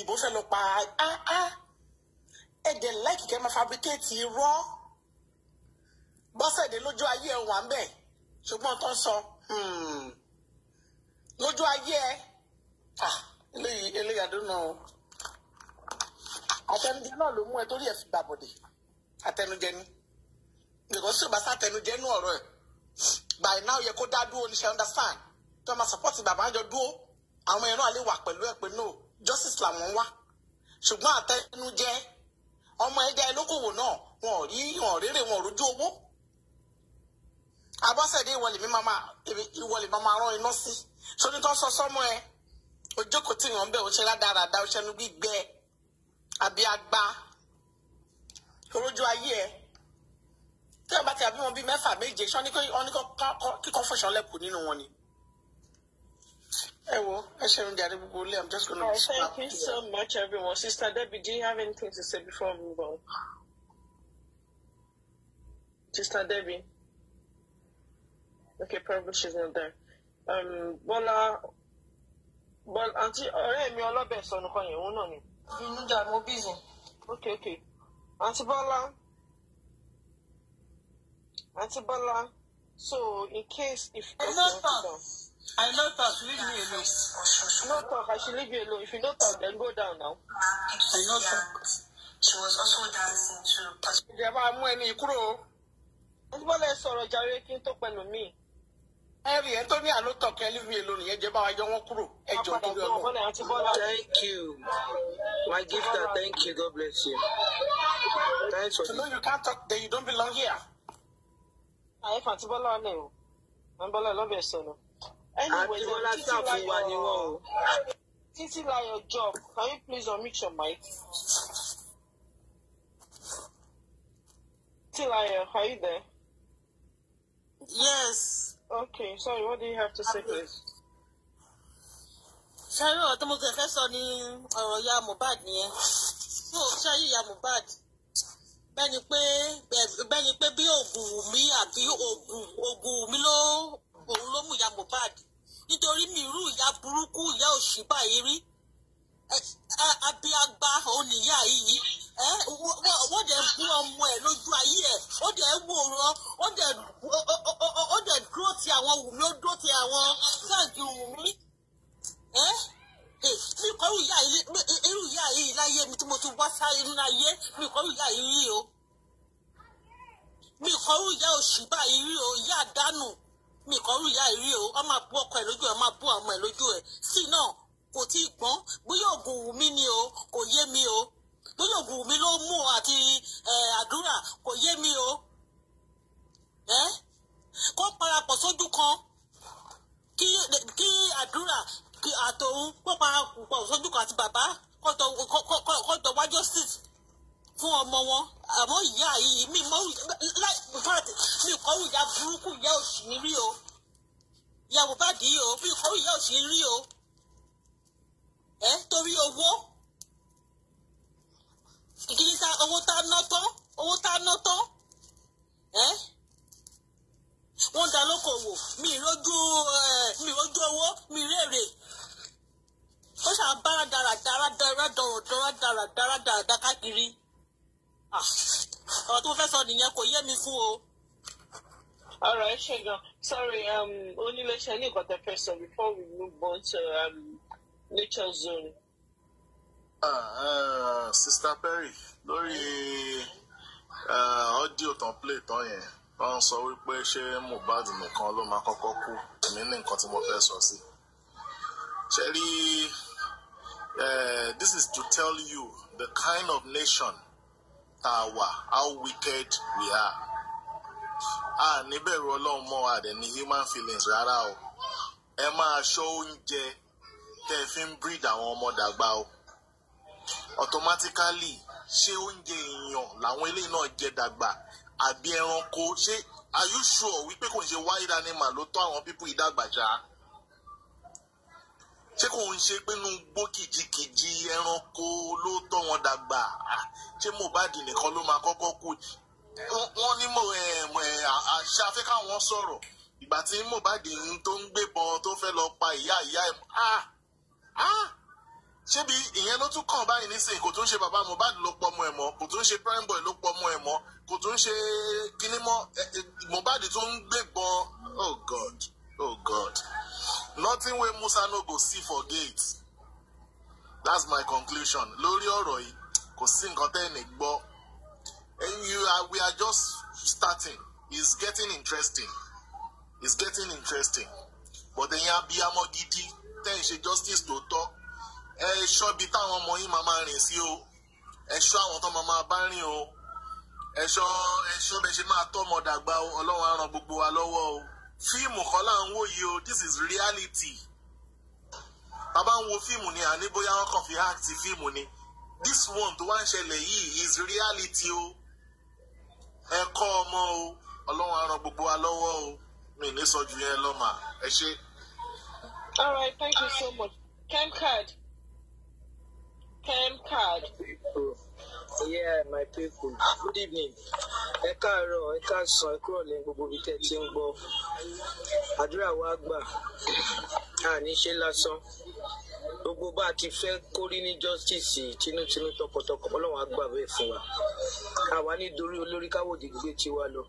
ìbò fẹ́ lọ pa ẹ̀dẹ̀ láìkì kẹ́ máa fabricate irọ́ bọ́sẹ̀dé lójú ayé ẹ̀ wà ń bẹ̀ ṣùgbọ́n tó ń sọ hmm. lójú ayé ẹ̀ ah, eléyìí eléyìí àdúnà o àtẹnujẹ náà ló mú ẹ torí ẹ fi gbà bọ̀dẹ̀ àtẹnujẹ ni nìkan sí ìbáṣà àtẹnujẹ inú ọ̀rọ̀ ẹ̀ by now yẹ kó dá dúró ní ṣe understand tó máa support bàbá àjọ dúró àwọn ìran àlè wà pẹ̀lú ẹ̀ pé no justice làwọn ń wá ṣùgbọ́n àtẹnujẹ ọmọ ẹja ẹlókòwò náà wọn ò rí wọn rere wọn ò rójú owó abọ́sẹ̀dé ìwọlé mi máa ìwọlé máa rán iná sí sóní tó ń sọ sọ́mọ ẹ ojókòó tí wọn bẹ òṣèré dáradára òṣèré gbígbẹ àbí agbá orójú ayé ẹ tí wọn bá ti àbí wọn bíi mẹ́fà méje sọ ní kíkọ fọṣọ lẹkùn nínú wọn ni. I'm just going to. Oh, thank you so much, everyone. Sister Debbie, do you have anything to say before we move on? Sister Debbie. Okay, probably she's not there. Um, Bola, Bola, Auntie, ọ̀rẹ́ mi ọlọ́bẹ̀ sọ nìkan yẹn òun náà ni. Inú jà mo bízì. Okay, okay. Auntie Bola. Auntie Bola, so in case if. Ẹ lọ́tọ̀. I no talk, leave me alone. No talk, I should leave you alone. If you no talk, then go down now. I no talk. She was also dancing to. Ìjọba mú ẹni kúrò. Wọ́n bọ́ lẹ sọ̀rọ̀ jàre kí n tó pẹ̀lú mi. Ẹ̀rì ẹ̀ tó ní àlọ́ tọ̀kẹ́ leave me alone yẹn jẹ́ bá wa yọ wọ́n kúrò. Ẹ jọ kúrò ọmọ. Thank you. My gift that thank you. God bless you. Thanks for you. To know you can't talk then you don't belong here. Àyẹ̀fà ti bọ́lá ọ̀nà ẹ̀wò. Wọ́n bọ́lá ọlọ́bẹ̀ sọ̀rọ̀ anyway dem Titilayo your Job can you please unmute your mic Titilayo are you there. yes. okay sorry what do you have to say please. ṣẹ́rí ọ̀rọ̀ tó mo fẹ́ sọ ni ọ̀rọ̀ ya Mohbad nìyẹn tó ṣẹ́rí ya Mohbad bẹ́ni pé bẹ́ni pé bí oògùn mi àbí oògùn oògùn mi ló òun ló mú ya Mohbad nítorí mi irú ìyá burúkú ìyá òṣì báyìí rí abiagba oníyà yìí wọ́n dẹ̀ bú ọmọ ẹ̀ lójú ayé ẹ̀ ó dẹ̀ wòran ó dẹ̀ dúró ti àwọn wùmí ó dúró ti àwọn sáàgì wùmí mi kọ́ irú ìyá yìí láyé mi tí mo ti wá sáyé nínú ayé mi kọ́ irú ìyá yìí o mi kọ́ irú ìyá òṣì báyìí rí o ìyá àdánù mi kàn rú ìyá ìrí o ọ máa bú ọkọ ẹ lójú ẹ máa bú ọmọ ẹ lójú ẹ sí náà kò tí ì gbọ́n bóyá ògùn wù mí ni o kò yé mi o bóyá ògùn wù mí ló mú ọ àti àdúrà kò yé mi o ẹ kó parapọ̀ sójú kan kí àdúrà àtòun kó parapọ̀ sójú kan àti bàbá kó tọ wájú sí fún ọmọ wọn àmọ́ ìyá yìí mi mọ láìpẹ́ mi kọ́ ìyá burúkú ìyá òsì ní rí o ìyá bùbádìí o mi kọ́ ìyá òsì ní rí o ẹ torí owó kìkìrì sa owó tá a ná tán owó tá a ná tán ẹ wọ́n da lókòwò mi ìrójú mi ìrójú owó mi ìrèrè ó ṣàbára dáradára dáradára dáradára dáradára káàkiri. Ah, ọ̀rọ̀ tó fẹ́ sọ nìyẹn kò yé mi fún o. ọ̀rọ̀ ẹ ṣe gan sorry um, oníléeṣẹ́ ní ìkọtẹ fẹ́ sọ before we move on to um, nature zone. Ah, uh, Sister Perry lórí ọ́díò uh, tán play tán yẹn wọ́n sọ wípé ṣé Mohbad nìkan ló máa kọ́kọ́ kú èmi ní nǹkan tí mo fẹ́ sọ sí. ṣe rí uh, this is to tell you the kind of nation tá how wicked we are a níbẹ̀rù ọlọ́run mọ́ a dẹ̀ ní human feelings rárá o ẹ máa ṣọ́ oúnjẹ tẹ́ ẹ fi ń breed àwọn ọmọ dàgbà o automatically ṣé oúnjẹ èèyàn làwọn eléyìí náà jẹ dàgbà àbí ẹranko ṣé are you sure wípé kò ń ṣe wild animal ló tọ́ àwọn pípọ̀ ìdàgbàjà ṣé kò ń ṣe pé inú gbó ẹranko ló tọ́ wọn dàgbà ṣé Mohbad nìkan ló máa kọ́kọ́ kú wọ́n ní mo àṣà fẹ́ káwọn sọ̀rọ̀ ìgbà tí Mohbad tó ń gbébọn tó fẹ́ lọ pa ìyá ìyá ẹ̀ ṣébi ìyẹn ló tún kàn báyìí nísìnyí kò tún ṣe bàbá Mohbad ló pọ ọmọ ẹ̀ mọ́ kò tún ṣe prime boy ló pọ ọmọ ẹ̀ mọ́ kò tún ṣe kíní Mohbad tún ń gbébọn oh God oh God nothing wey Musa no go see for gate that's my conclusion lórí ọ̀rọ̀ yìí kò sí nǹkan tẹ́ ẹ̀nì gbọ́ and you we are just starting it's getting interesting it's getting interesting but ẹ̀yin abiyamọ gidi tẹ́ ẹ̀ ṣe justice tó tọ́ ẹ ṣọ́ ibi táwọn ọmọ yín máa máa rìn sí o ẹ ṣọ́ àwọn tó máa máa bá rìn o ẹ ṣọ́ ẹ ṣọ́ bẹ́ẹ̀ ṣe máa tọ́ ọmọ dàgbà o ọlọ́run á ràn gbogbo wa lọ́wọ́ o fíìmù kọ́ là ń wò yìí o this is reality bàbá ń wo fíìmù ni àní bóyá wọn kàn fi act fíìmù ni this one tó wá ń ṣẹlẹ̀ yìí is reality o ẹ kọ́ ọmọ o ọlọ́run á gbogbo wa lọ́wọ́ o mi ní sọ ju yẹn lọ́mà ẹ ṣe. all right thank you so much ken card ken card. Yeah, my people. Good evening. Ẹ káàárọ̀, ẹ káàsán, ẹ kúrọ̀ lẹ́yìn gbogbo ibi tẹ́ ti ń gbọ́. Àdúrà wa gbà. A lásán gbogbo bá a ti fẹ́ kórí ní justice tinútinú tọkọtọkọ ọlọ́run agbábẹ́ fún wa àwa nítorí olórí káwọ́dì gbé tiwa lọ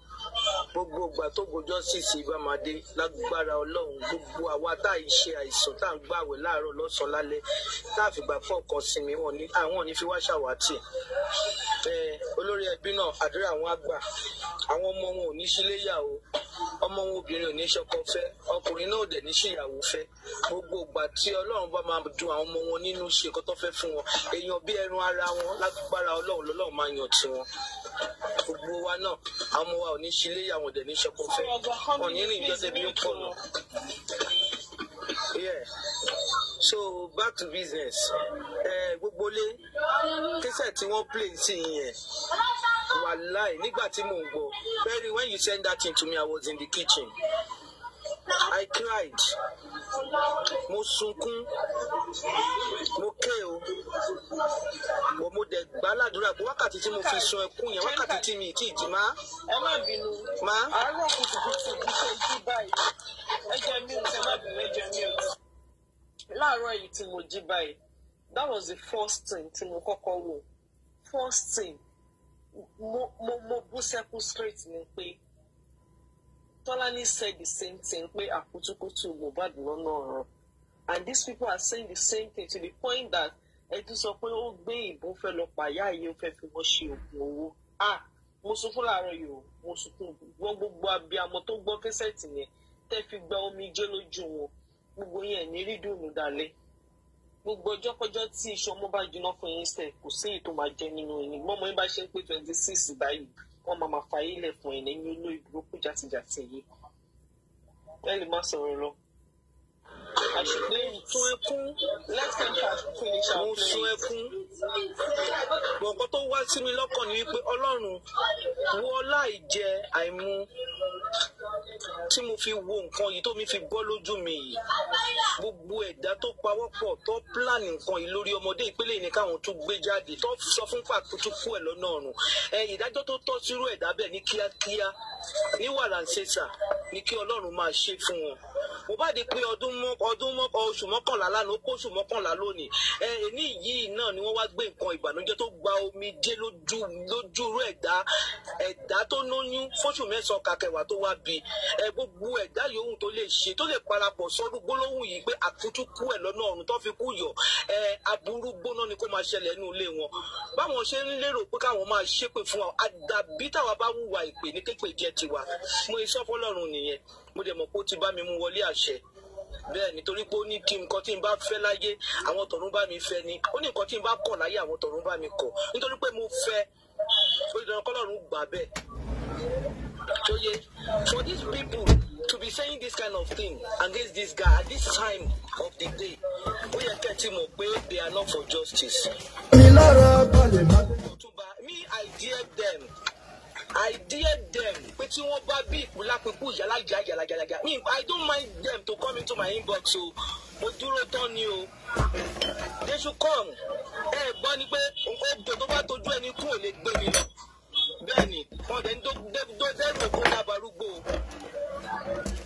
gbogbo ìgbà tó go justice ìbámadé lágbára ọlọ́run gbogbo àwa tá à ń ṣe àìsàn tá à ń gbàwẹ̀ láàárọ̀ lọ́sàn-án lálẹ́ tá à fìgbà fọ́ ọkàn sinmi wọn ni àwọn ò ní fi wá ṣàwátì olórí ẹbí náà àdúrà àwọn àgbà àwọn ọmọ wọn ò ní sílé yà o ọmọ wọn obìnrin ò ní ṣọkọ fẹ́ ọkùnrin náà ò dẹ̀ ní ṣìyàwó fẹ́ gbogbo ìgbà tí ọlọ́run bá máa dùn àwọn ọmọ wọn nínú ṣe nǹkan tó fún wọn èèyàn bí ẹran ara wọn lágbára ọlọ́run lọ́lọ́run máa yàn tí wọn gbogbo wa náà àwọn ọmọ wa ò ní ṣílé ìyàwó dẹ̀ ní ṣẹkọ fẹ́ wọn ní rìn jọ́sẹ̀ bí ó pọ̀ lọ. so back to business gbogbo lé kíṣẹ̀ tí wọ́n play sí yẹn wàláì nígbà tí mò ń gbọ́ very when you send that thing to me I was in the kitchen. I cried. Mo sunkún. Mo ké o. Mo mo dẹ̀ gbá ládùúrà pé wákàtí tí mo fi sun ẹkún yẹn wákàtí tí mi kì í jì má. Ẹ má bínú. Má. Àárọ̀ kùtùkùtù kì í ṣe ijú báyìí. Ẹ jẹ́ mi ò tẹ́ má bínú ẹ jẹ́ mi ò. Láàárọ̀ yìí tí mo jí báyìí, that was the first thing tí mo kọ́kọ́ wò. First thing, mo mo mo bú sẹ́kù straight ni pé. Tolani said the same thing pé àkútúkútù Mohbad lọ́nà ọ̀rọ̀ and these people are saying the same thing to the point that ẹ tún sọ pé ó gbé ìbọn fẹ́ lọ pàyà yìí ó fẹ́ fi wọ́n ṣe oògùn owó ah mo sunkún láàárọ̀ yìí o mo sunkún wọn gbogbo abiyamọ tó gbọ́ kẹsẹ̀tì yẹn tẹ́ fi gba omi jẹ́ lójú wọn gbogbo yẹn ní rí dùnú dalẹ̀ gbogbo ọjọ́kọjọ́ tí iṣan ọmọ bá jiná fún yín sẹ̀ kò sí èyí tó máa jẹ nínú yín mọ́mọ́ yín bá ṣe ń pé twenty six báyìí wọ́n máa máa fa ilẹ̀ fún ẹ̀yìn lẹ́yìn olóyè burúkú jàtìjàtì yìí ẹ lè má sọ̀rọ̀ lọ. àṣùgbọ́n ìtún ẹkún lẹ́sìn mo sun ẹkún gbọ̀ngàn tó wá sí mi lọ́kàn ni wípé ọlọ́run wọ́n láì jẹ àìmu tí mo fi wo nǹkan yìí tó mi fi gbọ́ lójú mi yìí gbogbo ẹ̀dá tó pawọ́pọ̀ tó plan nǹkan yìí lórí ọmọdé ìpínlẹ̀ yìí ni káwọn tún gbé jáde tó sọ fún pàtútù kú ẹ̀ lọ́nà ọ̀run ìdájọ́ tó tọ́ sírú ẹ̀dá bẹ́ẹ̀ ní kíákíá ní wàrà ń ṣe sà ní kí Ọlọ́run máa ṣe fún wọn. Mohbad pé ọdún mọ́kọ ọdún mọ́kọ oṣù mọ́kànlá lánàá ó kó oṣù mọ́kànlá lónìí ẹ ní yìí náà ni wọ́n wá gbé nǹkan ìbànújẹ́ tó gba omijé lójú lójúrú ẹ̀dá ẹ̀dá tó lóyún fóṣù mẹ́sàn-án kàkẹ́wà tó wá bí ẹ gbogbo ẹ̀dá yòówù tó lè ṣe tó lè parapọ̀ sọ́dún gbólóhùn yìí pé àkútú kú ẹ̀ lọ́nà ọ̀run tó fi kú yọ ẹ aburú gbóná ni kó máa ṣẹlẹ̀ nínú ilé wọn báwọn ṣe ń lérò pé káwọn máa ṣépè fún wa àdàbí táwa bá wùwà ìpè ní kékeré jẹ tiwa mo ìsọfọlọ́run nìyẹn mo dẹ̀ mọ̀ pé ó ti bá mi mú wọlé àṣẹ bẹ́ẹ̀ nítorí pé ó ní kí nǹkan tí n bá fẹ́ láyé àwọn tọ̀run bá mi fẹ́ ni ó ní nǹkan tí n bá kọ̀ láyé àwọn tọ̀run bá mi kọ̀ nítorí pé mo fẹ́ ó dandan gbà bẹ́ẹ̀ tó yẹ for these people to be saying this kind of thing against this guy at this time of the day ó yẹ kẹ́ ẹ ti mọ̀ pé they are not for justice. mi lọ́rọ̀ balẹ̀ máa. me I dare them. I dear them pé tí wọ́n bá bí ìpúlápẹ́kù yàlájà yàlájà mi I don't mind them to come into my inbox o mo dúró tán ni o they should come ẹ gbọ́ ni pé oògùn tó bá tọ́jú ẹni kú ò lè gbé mi lọ bẹ́ẹ̀ ni wọ́n dẹ̀ ń dẹ́rù ògbó lábarúgbó o.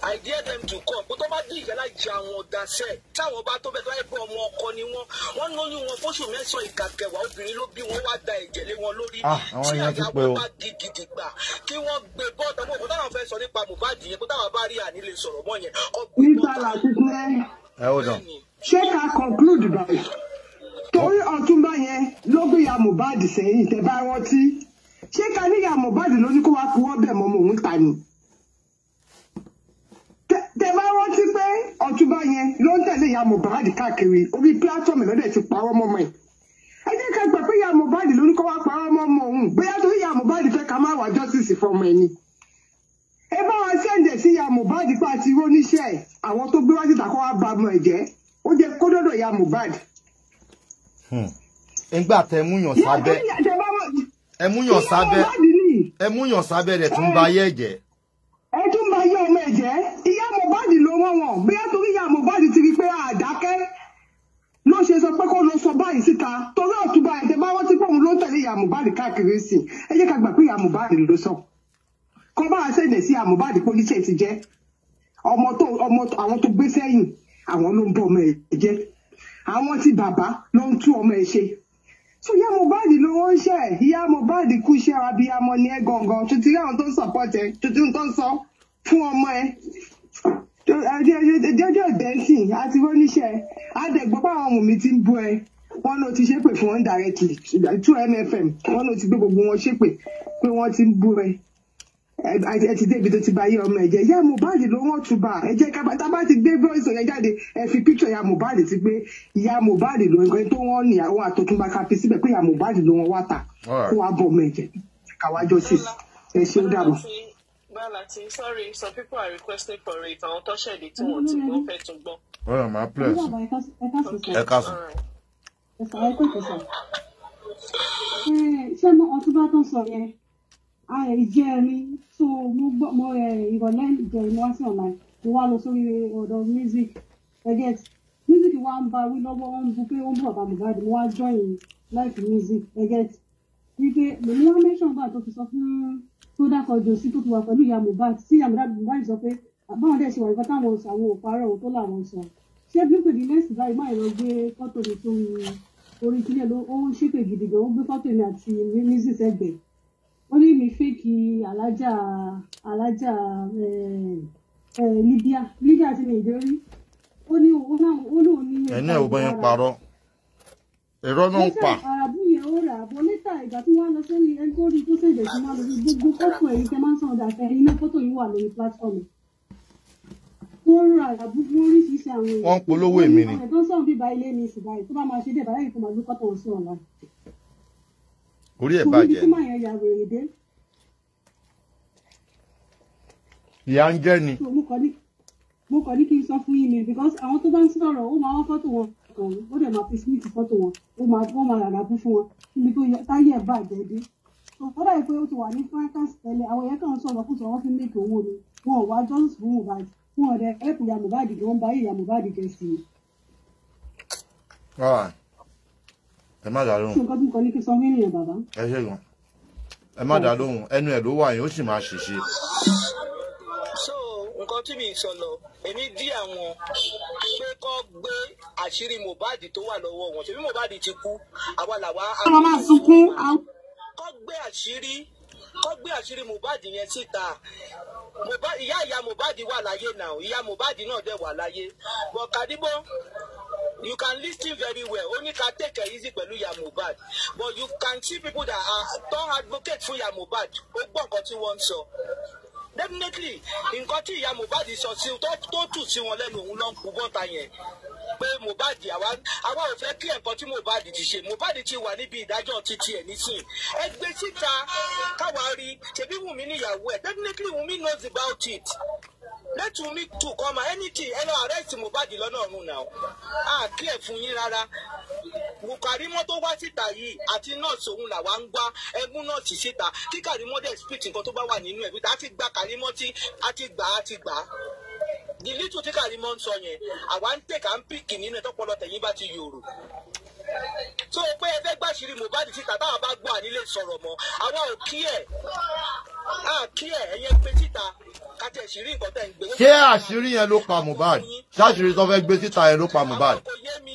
I dare them to come bó tó bá dé ìyá lájà àwọn ọ̀dà sẹ́ táwọn bá tó bẹ́ẹ̀ tó báyìí pé ọmọ ọkọ ni wọ́n wọ́n ń lóyún wọn fóṣù mẹ́sàn-án ìkàkẹwàá obìnrin ló bí wọ́n wá da ẹ̀jẹ̀ lé wọn lórí ah, tí àyàwó bá gidi gbà kí wọ́n gbé bọ́ọ̀tà mọ́ òkú táwọn fẹ́ sọ nípa Mohbad yẹn kó táwọn bá rí àní lè sọ̀rọ̀ mọ́ yẹn. nígbà láti ṣé ká conclude by torí ọtúnba yẹn ló gbé ya Mohbad sẹ́yìn tẹ́ bá rántí ṣé ká níyà Mohbad ló ní kó wá kú ọ́ bẹ̀ mọ́ mọ́ òun ta ni tẹ bá rántí pé ọ̀túnba yẹn ló ń tẹ̀lé ìyá Mohbad káàkiri orí pílátọ̀mù lọ́dẹ̀ ti parọ́ mọ́mọ́ ẹ̀ ẹ jẹ́ ká gbà pé ìyá Mohbad ló ní kọ́ wá parọ́ mọ́mọ́ òun bóyá torí ìyá Mohbad fẹ́ ká má wá justice fọmọ ẹni ẹ bá wa sẹ́ǹdẹ̀ sí ìyá Mohbad pa àti róníṣẹ́ àwọn tó gbé wá síta kó wá ba ọmọ ẹ̀ jẹ́ ó jẹ́ kó dọ́dọ̀ ìyá Mohbad. ńgbà hmm. tẹ múyàn sábẹ́ ẹ múyàn sábẹ́ ẹ múyàn sábẹ́ rẹ̀ tún ba ayé ẹ̀jẹ̀ wọn bóyá torí ìyá Mohbad ti rí pé àdákẹ́ ló ṣe sọ pé kó lọ sọ báyìí síta torí ọ̀túnba ẹ̀jẹ̀ bá wọ́n ti pé òun ló ń tẹ̀lé ìyá Mohbad káàkiri sí ẹ jẹ́ ká gbà pé ìyá Mohbad ló sọ kọ́ bá a ṣèlè sí ìyá Mohbad pé oníṣẹ́ ti jẹ́ ọmọ tó ọmọ àwọn tó gbé sẹ́yìn àwọn ló ń bọ ọmọ ẹ̀ jẹ́ àwọn tí bàbá ló ń tú ọmọ ẹ̀ ṣe so ìyá Mohbad ló ń ṣe ìyá Mohbad kú iṣẹ́ abiyamọ ni ẹ gangan tuntun àwọn tó ń sọpọ́tẹ tuntun tó ń sọ fún ọmọ ẹ jọjọ dẹ́sìn àti oníṣẹ́ àdẹ̀gbọ́ pàwọn ọmọ mi ti ń bú ẹ wọn ló ti ṣépè fún wọn directly two mfm wọn ló ti gbé gbogbo wọn ṣépè pé wọn ti ń bú ẹ ẹ ti débi tó ti bá yé ọmọ ẹ jẹ ìyá Mohbad ló wọn tún bá ẹ jẹ kábà a bá ti gbé voice yẹn jáde ẹ fi picture ìyá Mohbad ti gbé ìyá Mohbad ló ń tó wọn ní àwọn àtọkùnbá kápẹ síbẹ̀ pé ìyá Mohbad ló wọn wá ta kó wá bọ ọmọ ẹ jẹ káwájọ sí ẹ ṣé ó dàbọ̀. Gbalati, sorry, some people are requesting for it. Àwọn tó ṣẹ̀lẹ̀ tí wọ́n ti gbọ́ fẹ́ tún gbọ́. Ó yàn máa pẹ́ ẹ̀sùn. Ẹ káàsùn. Ẹ̀sùn àwọn ẹ̀kọ́ ìkọ̀sọ̀. Ṣé mo ọtún bá tó ń sọ yẹn? A rẹ̀ ìjẹrin tó mo gbọ́ mo ìrọ̀lẹ́ ìjẹrin mo wá sí ọ̀la mo wá lọ sórí ọ̀dọ̀ music. Ẹ̀gẹ́t music wa ń ba wí lọ́wọ́ ó ń bu pé ó ń bọ̀ bá Mohbad mo wá join life music. Ẹ̀gẹ́t wípé mo ní wá mẹ́sàn-án bá tó fi sọ fún tó dákọ̀ jòṣù tó ti wà pẹ̀lú ìyá Mohbad sí ìyá Mohbad sọ pé báwọn dẹ̀ ṣe wà nǹkan táwọn sọ àwọn òpàrọ̀ ohun tó làwọn sọ ṣé bípèdì lẹ́sì báyìí máa lọ gbé fọ́tò mi tó ń orí kílẹ̀ ló ó ń ṣépè gidi gan ó gbé fọ́tò mi àti mísìs ẹgbẹ́ ó ní mi fẹ́ẹ̀kì alájà alájà Libya Libya ti mi ìdérí ó ní òun náà ó ní. ẹ̀yin náà ò bá yẹn parọ́ náà ń ó rà á bọ́ níta ìgbà tí wọ́n á lọ sórí ẹgbẹ́rún tó ṣèjẹ́ sí máa lórí gbogbo fọ́tò ẹ̀yìn tẹ́ máa ń san ọ̀dà àtẹ̀yìn iná fọ́tò yìí wà lórí platform wọ́n ra àbúrò oríṣiríṣi àwọn èèyàn. wọ́n ń polówó èmi ni. ẹ̀dọ́ sọ̀rọ̀ bíbá ilé mi ṣùgbọ́n èyí tó bá máa ṣe dé báyìí kò máa gbé kọ́tọ̀ sí ọ̀la. orí ẹ̀ bàjẹ́. kò ní kí máa yẹn ya wèrè dé. ìyá ń jẹ́ ni. mo kàn ní kí n sọ fún yín because àwọn tó bá ń sọ̀rọ̀ ó máa wọ́n fọ́tò wọn kan ní ó dẹ̀ máa fi smith fọ́tò wọn ó máa wọ́n máa ràrà bú fún wọn níbi tó yẹ táyé ẹ̀ bàjẹ́ dé tó kọ́dà yìí pé ó ti wà ní frankans tẹ́lẹ̀ àwọn yẹn kàn sọ̀rọ̀ kó sọ̀rọ̀ fi make owó ni wọn ò wá justice fún Mohbad wọn ò dẹ̀ help ìyá Mohbad gan ń ba ìyá Mohbad jẹ sí i. ẹ má dá lóhùn nǹkan tí mo kọ ní kí sọ fún ènìyàn bàbá. ẹ ṣe gan ẹ má dá lóhùn ẹnu ẹ ló wà yín ó sì máa ṣèṣe. so nǹkan tí mi sọ lọ èmi dí àwọn pé kọ́ gbé àṣírí Mohbad tó wà lọ́wọ́ wọn ṣebí Mohbad ti kú àwa làwa. àwọn máa sunkún. kọ́ gbé àṣírí kọ́ gbé àṣírí Mohbad yẹn síta ìyá ìyá Mohbad wà láyé náà ìyá Mohbad náà dẹ̀ wà láyé but Kadibo you can listen very well ó ní ká take it easy pẹ̀lú ìyá Mohbad but you can see people that are don advocate fún ìyá Mohbad ó gbọ́ nǹkan tí wọ́n ń sọ definitely nǹkan tí ìyá Mohbad sọ sí tó tù sí wọn lẹ́nu òun ló ń kú bọ́ta yẹn pé Mohbad àwa ò fẹ́ kí ẹ̀kọ́ tí Mohbad ti ṣe Mohbad ti wà níbi ìdájọ́ títí ẹ̀ nísìn ẹ gbé síta káwa rí ṣebí Wùmí níyàwó ẹ̀ definitely Wùmí knows about it let Wùmí tù kọ́mà anything ẹ lọ arrest Mohbad lọ́nà ọ̀run náà à kí ẹ̀ fún yín rárá Karimo tó wá síta yìí àti nọ́ọ̀sì òun làwa ń gbá ẹgún nọ́ọ̀sì síta kí Karimo dẹ̀ spit nǹkan tó bá wà nínú ẹ̀ bí a ti gba Karimo tí a ti gbà á ti gbà á the little tí Karimo ń sọ yẹn àwa ń tèkà ń pìkì nínú ẹ̀ tọ́pọ̀lọ tẹ̀yìn bá ti yòrò tó o pé ẹgbẹ́ gbàṣírí Mohbad síta táwa bá gbọ́ ànílé sọ̀rọ̀ mọ́ àwa ò ẹ̀ á ẹ̀ ẹ̀yẹ gbé síta káti ẹ̀ṣírí nǹkan tẹ̀ ń gbé. ṣé àṣírí yẹn ló pa Mohbad ṣáṣírí tó fẹ́ gbé síta yẹn ló pa Mohbad. àwọn kò yé mi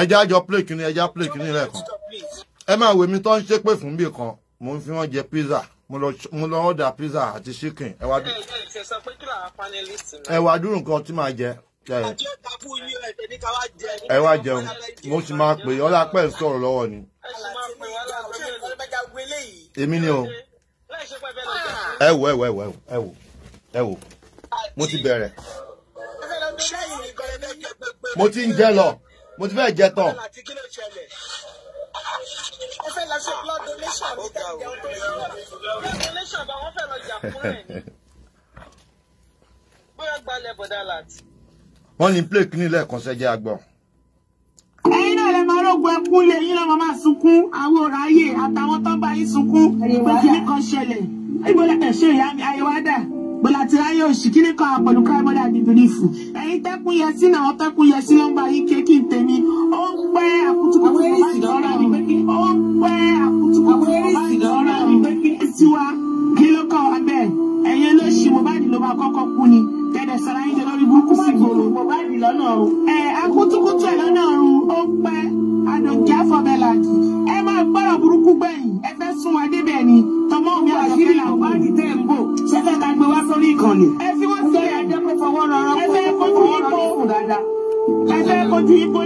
ẹjẹ́ àjọ play kìíní ẹjẹ́ play kìíní lẹ́ẹ̀kan ẹ máa wèmí tó ń ṣépè fún bì kan mo ń fi wọ́n jẹ pizza mo lọ ọ̀dà pizza àti chicken ẹ wá dùn. ẹ wá dùn nǹkan tí màá jẹ. ẹ wá jẹun mo sì máa pè ọ́ lápẹ́ ń sọ̀rọ̀ lọ́wọ́ ni. èmi ni o ẹ wò ẹ wò ẹ wò ẹ wò ẹ wò mo ti bẹ̀rẹ̀ mo ti ń jẹ lọ mo ti fẹ́ jẹ tán. ó fẹ́ lọ wọ́n ní. plé kínní lẹ́ẹ̀kan sẹ́jẹ́ àgbọ̀n. ẹ̀yin náà lè máa rógun ẹkún lè yín lọ́mọ máa sunkún àwọn ọ̀rọ̀ ayé àtàwọn tó bá yín sunkún ìgbà kìíní kan ṣẹlẹ̀ ìgbọ́lẹ̀ ẹ̀ṣẹ̀ ìyá mi ayé wá dà. Bọ́lá Tinubu òṣì kíní kan àpọ̀lù primary and belief ẹ̀yin tẹ́kùn yẹ sí náà tẹ́kùn yẹ sí lọ́ngbà yín kéèkì tèmi ó ń pẹ́ àkútùkùtù bàbá ìdọ́ra mi pé ó ń pẹ́ àkútùkùtù bàbá ìdọ́ra mi pé sí wa kí ló kọ́ abẹ́ ẹ̀yin ló ṣì ló máa kọ́kọ́ kú ni tẹ̀dẹ̀ people.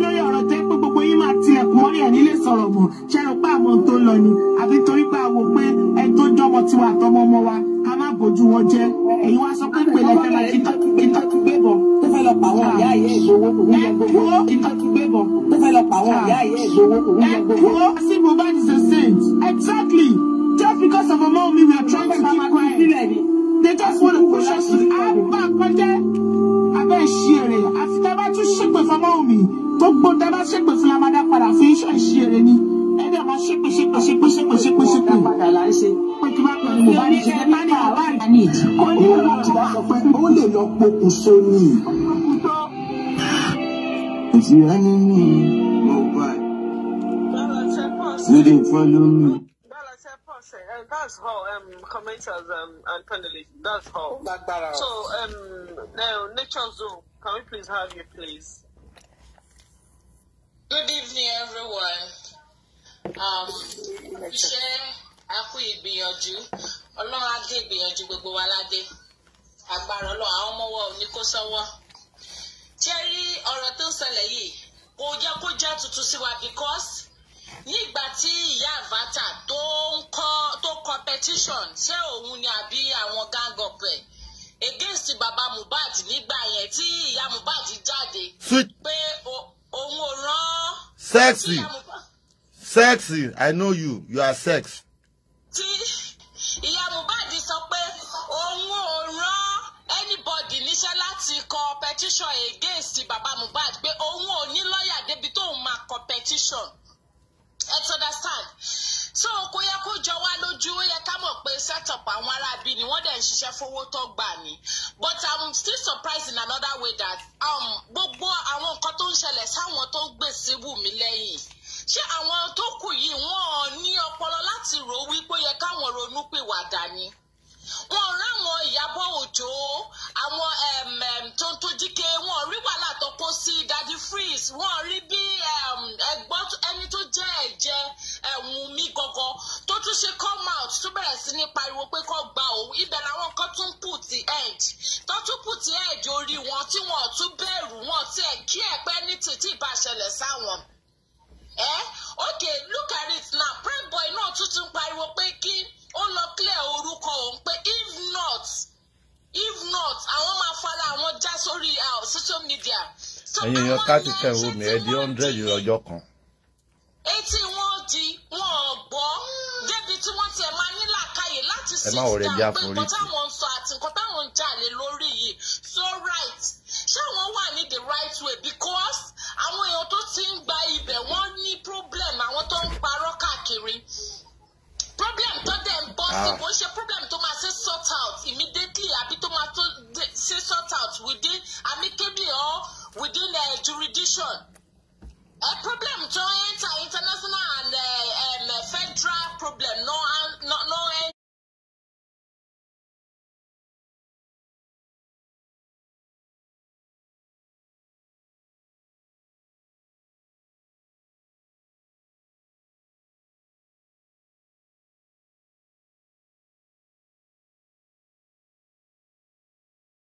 with the enemy. Nobody. You didn't follow me. Uh, that's how um commenters um and panelists that's how so um now nature can we please have you please good evening everyone um iṣẹ akú ìgbìyànjú ọlọ́run á dé ìgbìyànjú gbogbo wa ládé agbára ọlọ́run àwọn ọmọ wa ò ní kó sọ́wọ́ ṣe ọ̀rọ̀ tó ń ṣẹlẹ̀ yìí kò yẹ kó jẹ́ tuntun sí wa because nígbà tí ìyá àvátà tó ń kọ́ tó kọ petition ṣé òun ni àbí àwọn gang up against baba Mohbad nígbà yẹn tí ìyá Mohbad jáde pé òun ò rán. sexy sexy I know you you are sex. tí. kọ petition against baba Mohbad pé òun ò ní lọ́ọ̀yà débi tóun máa kọ petition let's understand so kò yẹ kó jọ wá lójú ó yẹ ká mọ̀ pé setup àwọn aráabí ni wọ́n dẹ̀ ń ṣiṣẹ́ fowó tó gbà ní but i'm still surprised in another way that um, gbogbo àwọn nǹkan tó ń ṣẹlẹ̀ sáwọn tó ń gbè sí Wùmí lẹ́yìn ṣé àwọn tó kù yìí wọ́n ní ọpọlọ láti rò wípé ó yẹ káwọn ronú pìwàdà ni wọn ráwọn Ìyábọ̀ Òjó àwọn tó ń tójú ké wọn rí wàhálà tó kó sí Daddy Freeze wọn rí bí ẹgbọ́n ẹni tó jẹ́ ẹ̀jẹ̀ ẹ̀wùn mi gangan tó tún ṣe come out tó bẹ̀rẹ̀ sí ní pariwo pé kó gba òun ibẹ̀ làwọn kan tún put edge tó tún put edge orí wọn tí wọn ò tún bẹ̀rù wọn tiẹ̀ kí ẹ̀ pẹ́ ní títí ìbáṣẹlẹ̀ sáwọn. àwọn já sórí social media. ẹ̀yin èèyàn ká ti tẹ̀ wo mi ẹ̀ di hundred lọ́jọ́ kan. etí wọn di wọn ò gbọ́ débi tí wọ́n tiẹ̀ máa ní làákàyè láti sí ìdá pé nǹkan táwọn ń fa àti nǹkan táwọn ń jà lórí yìí so right ṣé àwọn wà ní the right way because àwọn èèyàn tó ti ń gba ibẹ̀ wọ́n ní problem àwọn tó ń pa Ah. kò ń ṣe problem tó máa ṣe sort out immediately àbí tó máa ṣe sort out within amicably or within uh, jurisdiction. A eh, problem tó enter international and uh, um, federal problem no, no, no